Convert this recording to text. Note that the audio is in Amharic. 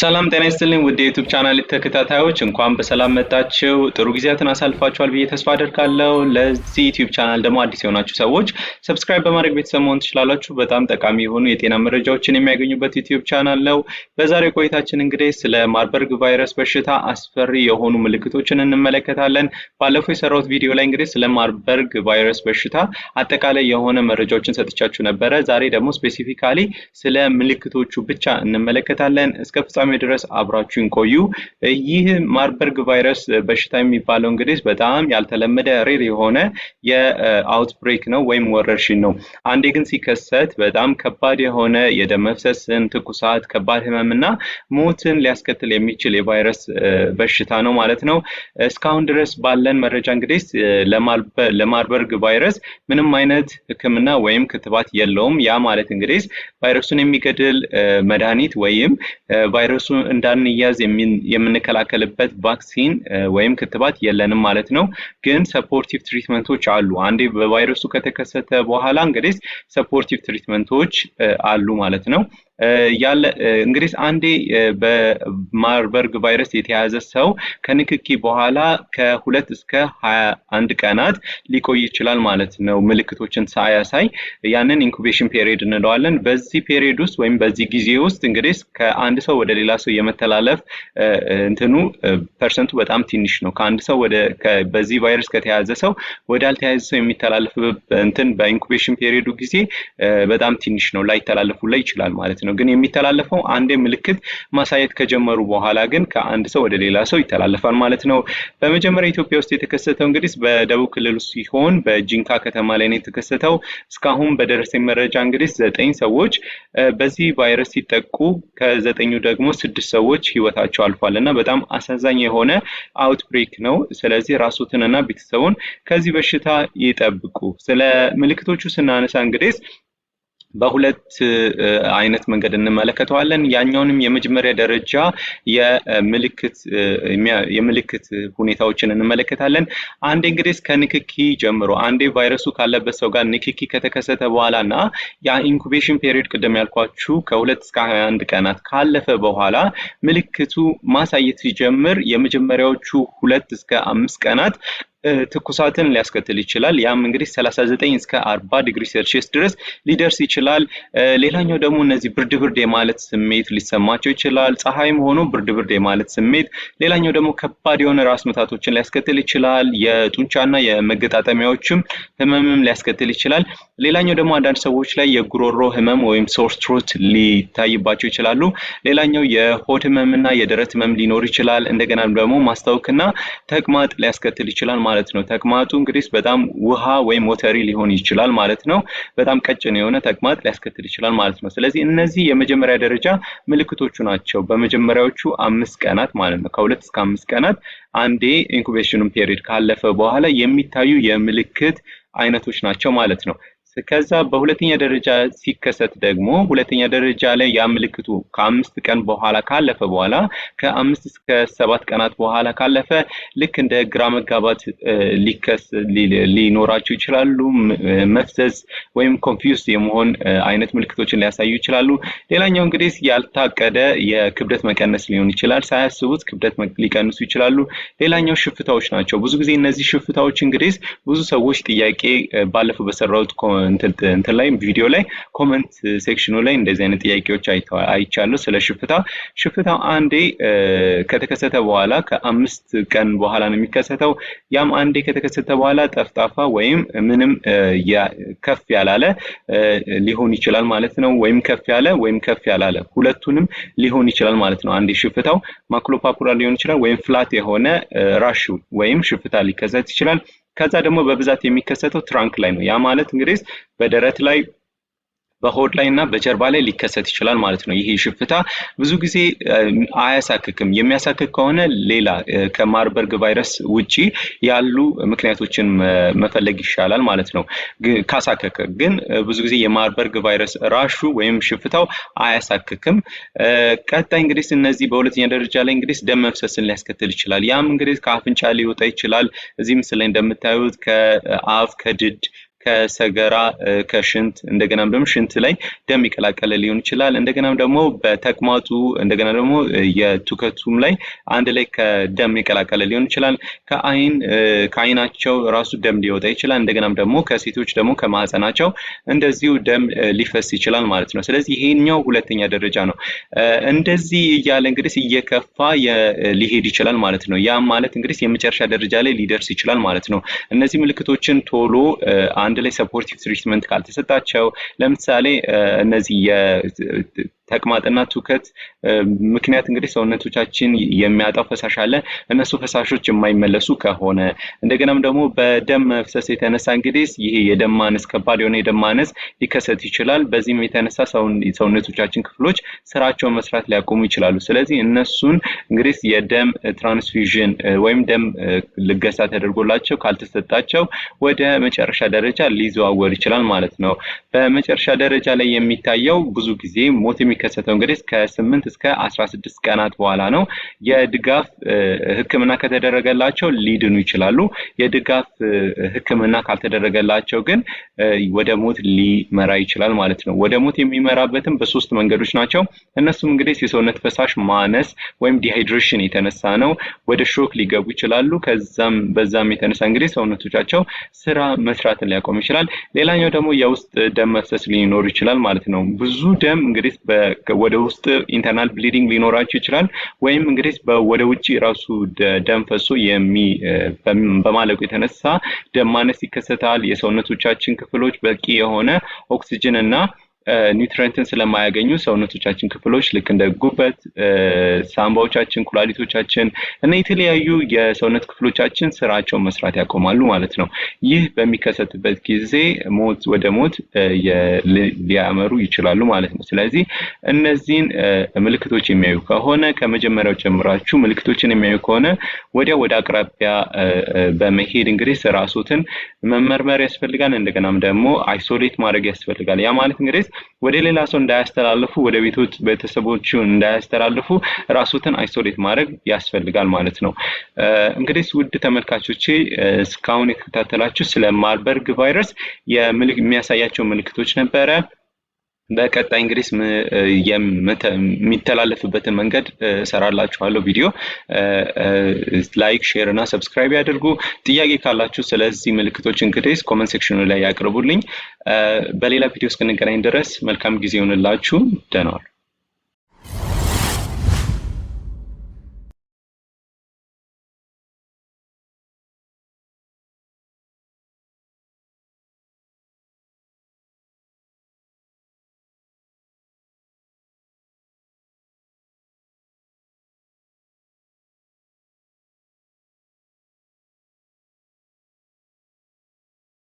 ሰላም ጤና ይስጥልኝ ውድ የዩቱብ ቻናል ተከታታዮች እንኳን በሰላም መጣችሁ። ጥሩ ጊዜያትን አሳልፋችኋል ብዬ ተስፋ አደርጋለሁ። ለዚህ ዩቱብ ቻናል ደግሞ አዲስ የሆናችሁ ሰዎች ሰብስክራይብ በማድረግ ቤተሰብ መሆን ትችላላችሁ። በጣም ጠቃሚ የሆኑ የጤና መረጃዎችን የሚያገኙበት ዩቱብ ቻናል ነው። በዛሬው ቆይታችን እንግዲህ ስለ ማርበርግ ቫይረስ በሽታ አስፈሪ የሆኑ ምልክቶችን እንመለከታለን። ባለፈው የሰራሁት ቪዲዮ ላይ እንግዲህ ስለ ማርበርግ ቫይረስ በሽታ አጠቃላይ የሆነ መረጃዎችን ሰጥቻችሁ ነበረ። ዛሬ ደግሞ ስፔሲፊካሊ ስለ ምልክቶቹ ብቻ እንመለከታለን እስከ ፍጻሜ ድረስ አብራችሁን ቆዩ። ይህ ማርበርግ ቫይረስ በሽታ የሚባለው እንግዲህ በጣም ያልተለመደ ሬር የሆነ የአውትብሬክ ነው ወይም ወረርሽኝ ነው። አንዴ ግን ሲከሰት በጣም ከባድ የሆነ የደም መፍሰስን፣ ትኩሳት፣ ከባድ ህመምና ሞትን ሊያስከትል የሚችል የቫይረስ በሽታ ነው ማለት ነው። እስካሁን ድረስ ባለን መረጃ እንግዲህ ለማርበርግ ቫይረስ ምንም አይነት ሕክምና ወይም ክትባት የለውም። ያ ማለት እንግዲህ ቫይረሱን የሚገድል መድኃኒት ወይም ቫይረሱ እንዳንያዝ የምንከላከልበት ቫክሲን ወይም ክትባት የለንም ማለት ነው። ግን ሰፖርቲቭ ትሪትመንቶች አሉ። አንዴ በቫይረሱ ከተከሰተ በኋላ እንግዲህ ሰፖርቲቭ ትሪትመንቶች አሉ ማለት ነው። ያለ እንግዲህ አንዴ በማርበርግ ቫይረስ የተያዘ ሰው ከንክኪ በኋላ ከሁለት እስከ ሀያ አንድ ቀናት ሊቆይ ይችላል ማለት ነው። ምልክቶችን ሳያሳይ ያንን ኢንኩቤሽን ፔሪድ እንለዋለን። በዚህ ፔሪድ ውስጥ ወይም በዚህ ጊዜ ውስጥ እንግዲህ ከአንድ ሰው ወደ ሌላ ሰው የመተላለፍ እንትኑ ፐርሰንቱ በጣም ትንሽ ነው። ከአንድ ሰው ወደ በዚህ ቫይረስ ከተያዘ ሰው አልተያዘ ሰው የሚተላለፍ እንትን በኢንኩቤሽን ፔሪዱ ጊዜ በጣም ትንሽ ነው። ላይተላለፉ ላይ ይችላል ማለት ነው። ነው። ግን የሚተላለፈው አንዴ ምልክት ማሳየት ከጀመሩ በኋላ ግን ከአንድ ሰው ወደ ሌላ ሰው ይተላለፋል ማለት ነው። በመጀመሪያ ኢትዮጵያ ውስጥ የተከሰተው እንግዲህ በደቡብ ክልል ሲሆን በጂንካ ከተማ ላይ ነው የተከሰተው። እስካሁን በደረሰኝ መረጃ እንግዲህ ዘጠኝ ሰዎች በዚህ ቫይረስ ሲጠቁ ከዘጠኙ ደግሞ ስድስት ሰዎች ህይወታቸው አልፏል እና በጣም አሳዛኝ የሆነ አውትብሬክ ነው። ስለዚህ ራሱትንና ቤተሰቡን ከዚህ በሽታ ይጠብቁ። ስለ ምልክቶቹ ስናነሳ እንግዲህ በሁለት አይነት መንገድ እንመለከተዋለን። ያኛውንም የመጀመሪያ ደረጃ የምልክት የምልክት ሁኔታዎችን እንመለከታለን። አንዴ እንግዲህ ከንክኪ ጀምሮ አንዴ ቫይረሱ ካለበት ሰው ጋር ንክኪ ከተከሰተ በኋላ እና የኢንኩቤሽን ፔሪዮድ ቅድም ያልኳችሁ ከሁለት እስከ ሀያ አንድ ቀናት ካለፈ በኋላ ምልክቱ ማሳየት ሲጀምር የመጀመሪያዎቹ ሁለት እስከ አምስት ቀናት ትኩሳትን ሊያስከትል ይችላል። ያም እንግዲህ 39 እስከ 40 ዲግሪ ሴልሺየስ ድረስ ሊደርስ ይችላል። ሌላኛው ደግሞ እነዚህ ብርድ ብርድ የማለት ስሜት ሊሰማቸው ይችላል። ፀሐይም ሆኖ ብርድ ብርድ የማለት ስሜት። ሌላኛው ደግሞ ከባድ የሆነ ራስ ምታቶችን ሊያስከትል ይችላል። የጡንቻና የመገጣጠሚያዎችም ህመምም ሊያስከትል ይችላል። ሌላኛው ደግሞ አንዳንድ ሰዎች ላይ የጉሮሮ ህመም ወይም ሶር ትሮት ሊታይባቸው ይችላሉ። ሌላኛው የሆድ ህመምና የደረት ህመም ሊኖር ይችላል። እንደገና ደግሞ ማስታወክና ተቅማጥ ሊያስከትል ይችላል። ማለት ነው። ተቅማጡ እንግዲህ በጣም ውሃ ወይም ወተሪ ሊሆን ይችላል ማለት ነው። በጣም ቀጭን የሆነ ተቅማጥ ሊያስከትል ይችላል ማለት ነው። ስለዚህ እነዚህ የመጀመሪያ ደረጃ ምልክቶቹ ናቸው። በመጀመሪያዎቹ አምስት ቀናት ማለት ነው ከሁለት እስከ አምስት ቀናት አንዴ ኢንኩቤሽኑን ፔሪድ ካለፈ በኋላ የሚታዩ የምልክት አይነቶች ናቸው ማለት ነው። ከዛ በሁለተኛ ደረጃ ሲከሰት ደግሞ ሁለተኛ ደረጃ ላይ ያ ምልክቱ ከአምስት ቀን በኋላ ካለፈ በኋላ ከአምስት እስከ ሰባት ቀናት በኋላ ካለፈ ልክ እንደ ግራ መጋባት ሊከስ ሊኖራቸው ይችላሉ። መፍዘዝ ወይም ኮንፊውስ የመሆን አይነት ምልክቶችን ሊያሳዩ ይችላሉ። ሌላኛው እንግዲህ ያልታቀደ የክብደት መቀነስ ሊሆን ይችላል። ሳያስቡት ክብደት ሊቀንሱ ይችላሉ። ሌላኛው ሽፍታዎች ናቸው። ብዙ ጊዜ እነዚህ ሽፍታዎች እንግዲህ ብዙ ሰዎች ጥያቄ ባለፈው በሰራሁት እንትን ላይ ቪዲዮ ላይ ኮመንት ሴክሽኑ ላይ እንደዚህ አይነት ጥያቄዎች አይቻለሁ ስለ ሽፍታ። ሽፍታው አንዴ ከተከሰተ በኋላ ከአምስት ቀን በኋላ ነው የሚከሰተው። ያም አንዴ ከተከሰተ በኋላ ጠፍጣፋ ወይም ምንም ከፍ ያላለ ሊሆን ይችላል ማለት ነው። ወይም ከፍ ያለ ወይም ከፍ ያላለ ሁለቱንም ሊሆን ይችላል ማለት ነው። አንዴ ሽፍታው ማክሎፓፑራ ሊሆን ይችላል ወይም ፍላት የሆነ ራሹ ወይም ሽፍታ ሊከሰት ይችላል። ከዛ ደግሞ በብዛት የሚከሰተው ትራንክ ላይ ነው። ያ ማለት እንግዲህ በደረት ላይ በሆድ ላይ እና በጀርባ ላይ ሊከሰት ይችላል ማለት ነው። ይሄ ሽፍታ ብዙ ጊዜ አያሳክክም። የሚያሳክክ ከሆነ ሌላ ከማርበርግ ቫይረስ ውጪ ያሉ ምክንያቶችን መፈለግ ይሻላል ማለት ነው። ካሳከከ ግን ብዙ ጊዜ የማርበርግ ቫይረስ ራሹ ወይም ሽፍታው አያሳክክም። ቀጣይ እንግዲህ እነዚህ በሁለተኛ ደረጃ ላይ እንግዲህ ደም መፍሰስን ሊያስከትል ይችላል። ያም እንግዲህ ከአፍንጫ ሊወጣ ይችላል። እዚህ ምስል ላይ እንደምታዩት ከአፍ ከድድ ከሰገራ ከሽንት እንደገናም ደግሞ ሽንት ላይ ደም ይቀላቀለ ሊሆን ይችላል። እንደገናም ደግሞ በተቅማጡ እንደገና ደግሞ የትውከቱም ላይ አንድ ላይ ከደም ይቀላቀለ ሊሆን ይችላል። ከአይን ከአይናቸው ራሱ ደም ሊወጣ ይችላል። እንደገናም ደግሞ ከሴቶች ደግሞ ከማህፀናቸው እንደዚሁ ደም ሊፈስ ይችላል ማለት ነው። ስለዚህ ይሄኛው ሁለተኛ ደረጃ ነው። እንደዚህ እያለ እንግዲህ እየከፋ ሊሄድ ይችላል ማለት ነው። ያም ማለት እንግዲህ የመጨረሻ ደረጃ ላይ ሊደርስ ይችላል ማለት ነው። እነዚህ ምልክቶችን ቶሎ አንድ ላይ ሰፖርቲቭ ትሪትመንት ካልተሰጣቸው ለምሳሌ እነዚህ ተቅማጥና ትውከት ምክንያት እንግዲህ ሰውነቶቻችን የሚያጣው ፈሳሽ አለ። እነሱ ፈሳሾች የማይመለሱ ከሆነ እንደገናም ደግሞ በደም መፍሰስ የተነሳ እንግዲህ ይሄ የደም ማነስ ከባድ የሆነ የደም ማነስ ሊከሰት ይችላል። በዚህም የተነሳ ሰውነቶቻችን ክፍሎች ስራቸውን መስራት ሊያቆሙ ይችላሉ። ስለዚህ እነሱን እንግዲህ የደም ትራንስፊዥን ወይም ደም ልገሳ ተደርጎላቸው ካልተሰጣቸው ወደ መጨረሻ ደረጃ ሊዘዋወር ይችላል ማለት ነው። በመጨረሻ ደረጃ ላይ የሚታየው ብዙ ጊዜ ሞት የሚ የሚከሰተው እንግዲህ ከስምንት እስከ አስራ ስድስት ቀናት በኋላ ነው። የድጋፍ ሕክምና ከተደረገላቸው ሊድኑ ይችላሉ። የድጋፍ ሕክምና ካልተደረገላቸው ግን ወደ ሞት ሊመራ ይችላል ማለት ነው። ወደ ሞት የሚመራበትም በሶስት መንገዶች ናቸው። እነሱም እንግዲህ የሰውነት ፈሳሽ ማነስ ወይም ዲሃይድሬሽን የተነሳ ነው። ወደ ሾክ ሊገቡ ይችላሉ። ከዛም በዛም የተነሳ እንግዲህ ሰውነቶቻቸው ስራ መስራትን ሊያቆም ይችላል። ሌላኛው ደግሞ የውስጥ ደም መፍሰስ ሊኖር ይችላል ማለት ነው። ብዙ ደም እንግዲህ ወደ ውስጥ ኢንተርናል ብሊዲንግ ሊኖራቸው ይችላል። ወይም እንግዲህ ወደ ውጭ ራሱ ደም ፈሶ በማለቁ የተነሳ ደም ማነስ ይከሰታል። የሰውነቶቻችን ክፍሎች በቂ የሆነ ኦክሲጅን እና ኒውትረንትን ስለማያገኙ ሰውነቶቻችን ክፍሎች ልክ እንደ ጉበት፣ ሳምባዎቻችን፣ ኩላሊቶቻችን እና የተለያዩ የሰውነት ክፍሎቻችን ስራቸውን መስራት ያቆማሉ ማለት ነው። ይህ በሚከሰትበት ጊዜ ሞት ወደ ሞት ሊያመሩ ይችላሉ ማለት ነው። ስለዚህ እነዚህን ምልክቶች የሚያዩ ከሆነ ከመጀመሪያው ጀምራችሁ ምልክቶችን የሚያዩ ከሆነ ወዲያ ወደ አቅራቢያ በመሄድ እንግዲህ ስራ መመርመር ያስፈልጋል። እንደገናም ደግሞ አይሶሌት ማድረግ ያስፈልጋል። ያ ማለት እንግዲህ ወደ ሌላ ሰው እንዳያስተላልፉ፣ ወደ ቤቶች ቤተሰቦቹ እንዳያስተላልፉ ራሱትን አይሶሌት ማድረግ ያስፈልጋል ማለት ነው። እንግዲህ ውድ ተመልካቾቼ እስካሁን የተከታተላችሁ ስለ ማርበርግ ቫይረስ የሚያሳያቸው ምልክቶች ነበረ። በቀጣይ እንግዲህ የሚተላለፍበትን መንገድ እሰራላችኋለሁ። ቪዲዮ ላይክ፣ ሼር እና ሰብስክራይብ ያድርጉ። ጥያቄ ካላችሁ ስለዚህ ምልክቶች እንግዲህ ኮመንት ሴክሽኑ ላይ ያቅርቡልኝ። በሌላ ቪዲዮ እስክንገናኝ ድረስ መልካም ጊዜ ይሆንላችሁ። ደህና ዋሉ።